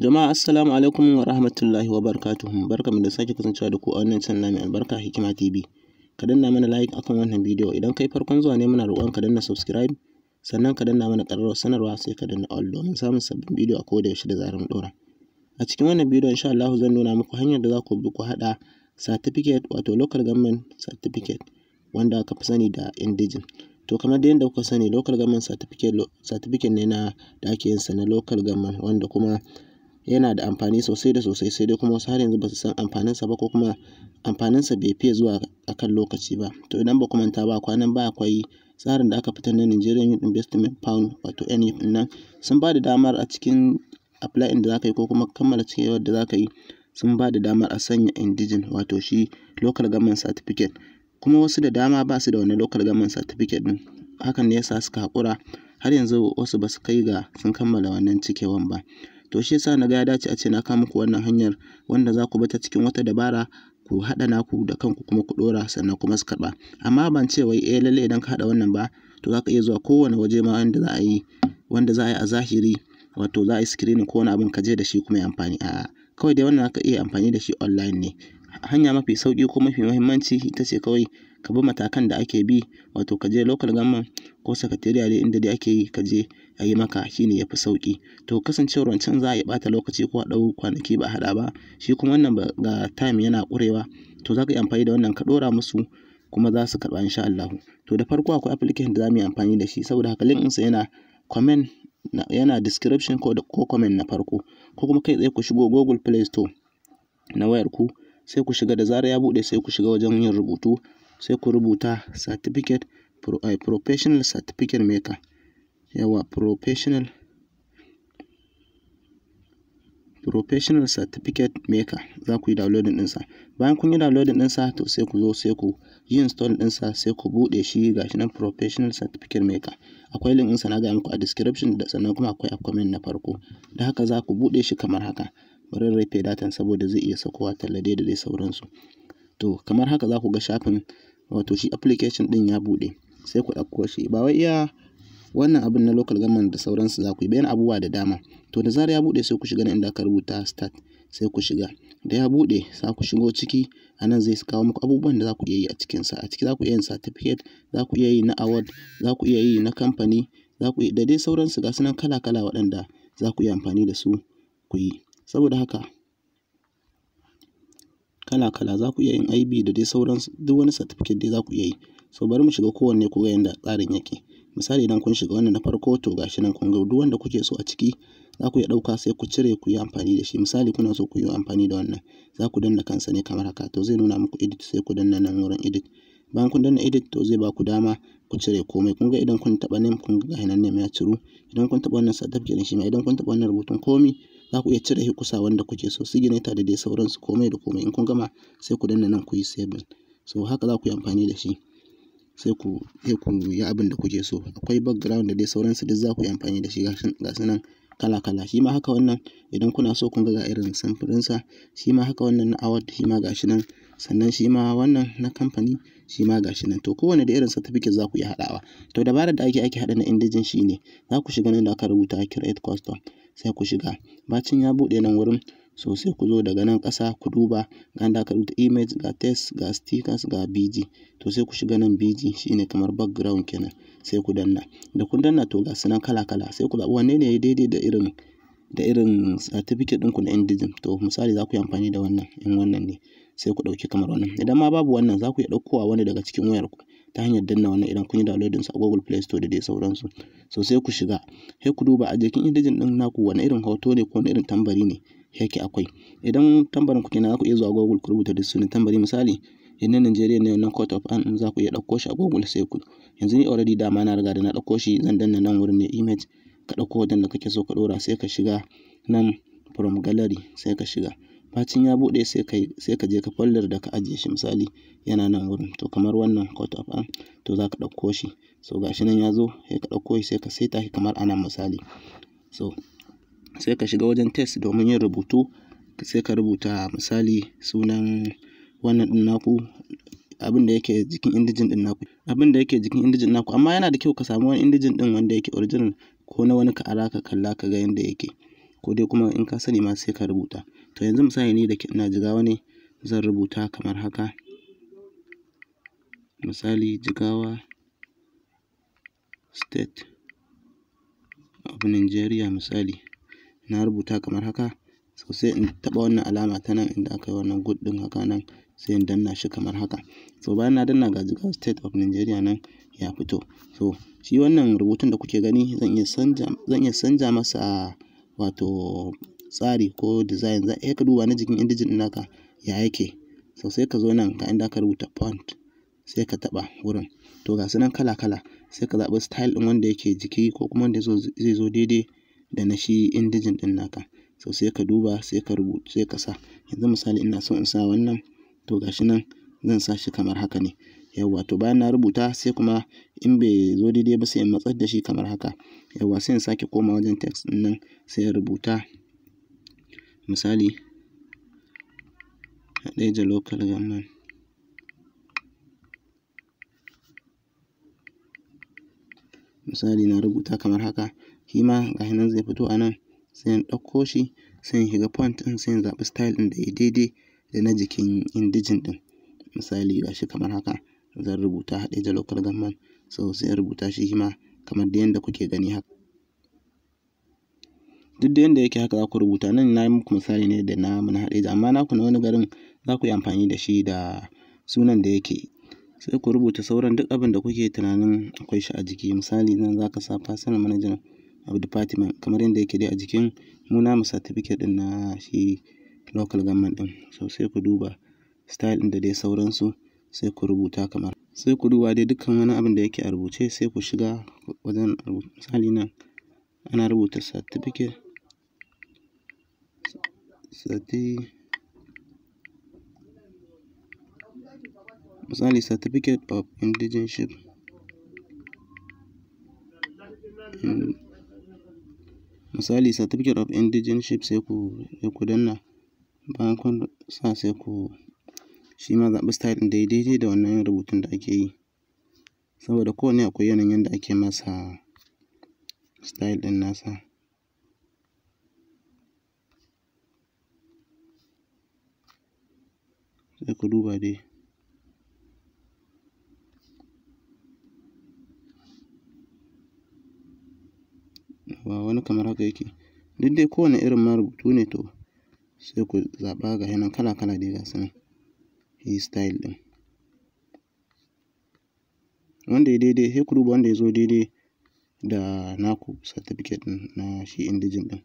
Jama'a assalamu alaikum wa rahmatullahi wa barakatuhu. Barkamu da sake kasancewa da ku a wannan channel mai albarka Hikima TV. Ka danna mana like akan wannan bidiyo idan kai farkon zuwa ne muna roƙon ka danna subscribe sannan ka danna mana ƙararrawar sanarwa sai ka danna all domin samun sabbin bidiyo a koda yaushe da zarar mu A cikin wannan bidiyo insha Allah zan nuna muku hanyar da za ku bi ku haɗa certificate wato local government certificate wanda aka fi sani da indigen. to kamar da yadda kuka sani local government certificate certificate ne na da ake yin sa na local government wanda kuma yana da amfani sosai da sosai sai dai kuma wasu har yanzu ba su san amfaninsa ba ko kuma amfaninsa bai fiye zuwa akan lokaci ba to idan ba manta ba kwanan ba akwai tsarin da aka fitar na Nigerian Youth Investment Fund wato NYIF e nan sun ba da damar a cikin apply da za ka yi ko kuma kammala yawar da za ka yi sun ba da damar a sanya indigen wato shi local government certificate kuma wasu da dama ba su da wani local government certificate din hakan ne yasa suka haƙura har yanzu wasu ba su kai ga sun kammala wannan cikewan ba to shi yasa na ga ya dace a ce na kawo muku wannan hanyar wanda za ku bi ta cikin wata dabara ku haɗa naku da kanku kuma ku ɗora sannan kuma su karɓa amma ban ce wai eh lalle idan ka haɗa wannan ba to za ka iya zuwa kowane waje ma wanda za a yi wanda za a yi a zahiri wato za a yi screening ko wani abin ka je da shi kuma ya amfani a kawai dai wannan ka iya amfani da shi online ne hanya mafi sauki ko mafi muhimmanci ita ce kawai ka bi matakan da ake bi wato ka je local government ko sakatariya inda dai ake yi ka je a yi maka shi ne ya fi sauƙi to kasancewar wancan za a yi ɓata lokaci ko a ɗau kwanaki ba a haɗa ba shi kuma wannan ga time yana ƙurewa to za ka yi amfani da wannan ka ɗora musu kuma za su karɓa insha allahu to da farko akwai application da za mu yi amfani da shi saboda haka link ɗinsa yana comment yana description ko ko comment na farko ko kuma kai tsaye ku shigo Google Play Store na wayar ku sai ku shiga da zara ya buɗe sai ku shiga wajen yin rubutu sai ku rubuta certificate eh, professional certificate maker yawa professional professional certificate maker za ku yi downloading ɗinsa bayan kun yi downloading ɗinsa to sai ku zo sai ku yi install ɗinsa sai ku buɗe shi gashi nan professional certificate maker akwai link ɗinsa na gaya muku a description da sannan kuma akwai a na farko da haka za ku buɗe shi kamar haka bari in rufe datan saboda zai iya sakowa tallade da dai sauransu to kamar haka za ku ga shafin wato shi application ɗin ya buɗe sai ku ɗauko shi ba wai iya wannan abin na local government da sauransu za ku yi bayan abubuwa da dama to da zarar ya bude sai ku shiga na inda aka rubuta start sai ku shiga da ya bude za ku shigo ciki a nan zai kawo muku abubuwan da za ku iya yi a cikinsa a ciki za ku iya yin certificate za ku iya yi na award za ku iya yi na kamfani za ku da dai sauransu ga sunan kala-kala waɗanda za ku iya amfani da su ku yi saboda haka kala-kala za ku iya yin IB da dai sauransu duk wani certificate dai za ku iya yi so bari mu shiga kowanne ku ga yadda tsarin yake misali idan kun shiga wannan na farko to gashi nan kun ga duk wanda kuke so a ciki za ku iya ɗauka sai ku cire ku yi amfani da shi misali kuna so ku yi amfani da wannan za ku danna kansa ne kamar haka to zai nuna muku edit sai ku danna nan wurin edit bayan kun danna edit to zai ba ku dama ku cire komai kun ga idan kun taɓa name kun ga gashi nan name ya ciru idan kun taɓa wannan certificate shi ma idan kun taba wannan rubutun komi za ku iya cire shi kusa wanda kuke so signature da dai sauransu komai da komai in kun gama sai ku danna nan ku yi saving so haka za ku yi amfani da shi sai ku sai ku yi abin da kuke so akwai background da dai sauransu duk za ku yi amfani da shi ga su nan kala kala shi ma haka wannan idan kuna so kun ga ga irin samfurinsa shi ma haka wannan na award shi ma gashi nan sannan shi ma wannan na kamfani shi ma gashi nan to kowane da irin certificate za ku iya haɗawa to dabarar da ake ake haɗa na indijin shi ne za ku shiga nan da aka rubuta create custom sai ku shiga bacin ya buɗe nan wurin So sai ku zo daga nan ƙasa ku duba ga inda aka rubuta image ga text ga stickers ga bg to sai ku shiga nan bg shine kamar background kenan sai ku danna da kun danna to ga sunan kala kala sai ku zaɓi wanne ne ya daidai da irin da irin certificate ɗinku na indijin to misali za ku yi amfani da wannan in wannan ne sai ku ɗauki kamar wannan idan ma babu wannan za ku iya ɗaukowa wani daga cikin wayarku ta hanyar danna wannan idan kun yi downloading su a Google Play Store da dai sauransu so sai ku shiga sai ku duba a jikin indijin ɗin naku wani irin hoto ne ko wani irin tambari ne yake akwai idan tambarin ku kenan za ku iya zuwa google ku rubuta da sunan tambari misali idan nigeria ne wannan court of an za ku iya ɗauko shi a google sai ku yanzu ni already dama na riga da na ɗauko shi zan danna nan wurin ne image ka ɗauko da kake so ka ɗora sai ka shiga nan from gallery sai ka shiga bacin ya buɗe sai ka sai ka je ka folder da ka ajiye shi misali yana nan wurin to kamar wannan court of an to za ka ɗauko shi so gashi nan ya zo sai ka ɗauko shi sai ka saita shi kamar anan misali so sai ka shiga wajen test domin yin rubutu sai ka rubuta misali sunan wannan din naku abin da yake jikin indijin din naku abin da yake jikin indijin naku amma yana da kyau ka samu wani indijin din wanda yake original ko na wani ka ara ka kalla ka ga yanda yake ko dai kuma in ka sani ma sai ka rubuta to yanzu misali ni da ina jigawa ne zan rubuta kamar haka misali jigawa state of Nigeria misali na rubuta kamar haka so sai in taɓa wannan alama ta nan inda aka yi wannan good ɗin haka nan sai in danna shi kamar haka so bayan na danna ga jigawa state of nigeria nan ya fito so shi wannan rubutun da kuke gani zan iya sanja masa wato tsari ko design za ka duba na jikin indijin ɗin naka ya yake so sai ka zo nan ga inda aka rubuta font sai ka taɓa wurin to ga su nan kala kala sai ka zaɓi style ɗin wanda yake jiki ko kuma wanda zai zo daidai da na shi indijin ɗin naka so sai ka duba sai ka rubuta sai ka sa yanzu misali ina so in sa wannan to gashi nan zan sa shi kamar haka ne yawwa to bayan na rubuta sai kuma in bai zo daidai ba sai in matsar da shi kamar haka yawwa sai in sake koma wajen text ɗin nan sai in rubuta misali Hadeja local government misali na rubuta kamar haka shi ma ga nan zai fito a nan sai in ɗauko shi sai in shiga font ɗin sai in zaɓi style ɗin da ya daidai da na jikin indijin ɗin misali ga shi kamar haka zan rubuta haɗe da local government so sai in rubuta shi ma kamar da yadda kuke gani haka duk da yadda yake haka za ku rubuta nan na yi muku misali ne da na mun haɗe amma naku na wani garin za ku yi amfani da shi da sunan da yake sai ku rubuta sauran duk abin da kuke tunanin akwai shi a jiki misali nan za ka sa personal manager a department kamar yadda yake dai a jikin mu namu certificate ɗin na shi local government ɗin so sai ku duba style ɗin da dai sauransu sai ku rubuta kamar sai ku duba dai dukkan wani abin da yake a rubuce sai ku shiga wajen misali nan ana rubuta certificate misali certificate of indigenship misali certificate of indigenship sai ku sai ku danna bayan kun sa sai ku shi ma zaɓi style ɗin daidai da wannan rubutun da ake yi saboda kowane akwai yanayin da ake masa style ɗin nasa sai ku duba dai ba wani kamar haka yake duk dai kowane irin ma rubutu ne to sai ku zaɓa ga nan kala kala dai ga sanan yi style ɗin wanda ya daidai sai ku duba wanda ya zo daidai da naku certificate ɗin na shi indijin ɗin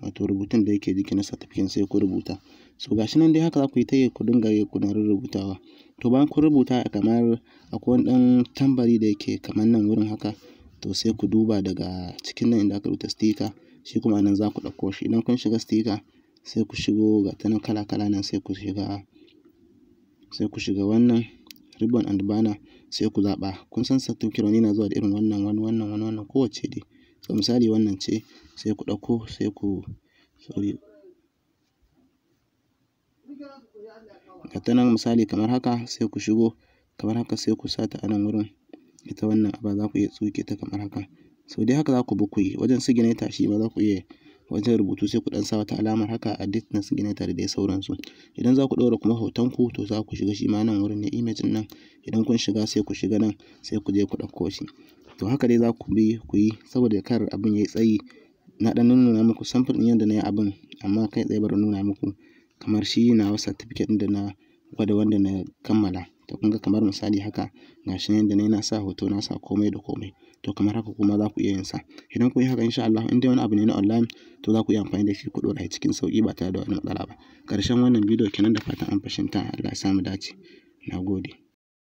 wato rubutun da yake jiki na certificate sai ku rubuta so gashi nan dai haka za ku yi ta yi ku dinga yi ku rubutawa to bayan kun rubuta kamar akwai wani ɗan tambari da yake kamar nan wurin haka to sai ku duba daga cikin nan inda aka rubuta sticker shi kuma nan za ku ɗauko shi idan kun shiga sticker sai ku shigo ga ta nan kala kala nan sai ku shiga sai ku shiga wannan ribbon and banner sai ku zaɓa kun san satin na zuwa da irin wannan wani wannan wani wannan kowace dai so misali wannan ce sai ku ɗauko sai ku sorry ga ta nan misali kamar haka sai ku shigo kamar haka sai ku sata a nan wurin ita wannan aba za ku iya tsuke ta kamar haka so dai haka za ku bi ku yi wajen ta shi ba za ku iya wajen rubutu sai ku dan sa wata alamar haka a dit na ta da dai sauransu idan za ku ɗaura kuma hoton ku to za ku shiga shi ma nan wurin ne image nan idan kun shiga sai ku shiga nan sai ku je ku ɗauko shi to haka dai za ku bi ku yi saboda kar abin ya yi tsayi na ɗan nuna muku samfur ɗin yadda na yi abin amma kai tsaye bari nuna muku kamar shi nawa certificate ɗin da na gwada wanda na kammala to kun ga kamar misali haka ga shi yadda na sa hoto na sa komai da komai to kamar haka kuma za ku iya yin sa idan ku yi haka insha Allah in dai wani abu ne na online to za ku iya amfani da shi ku dora cikin sauki ba tare da wani matsala ba karshen wannan bidiyo kenan da fatan an fashinta Allah ya samu dace nagode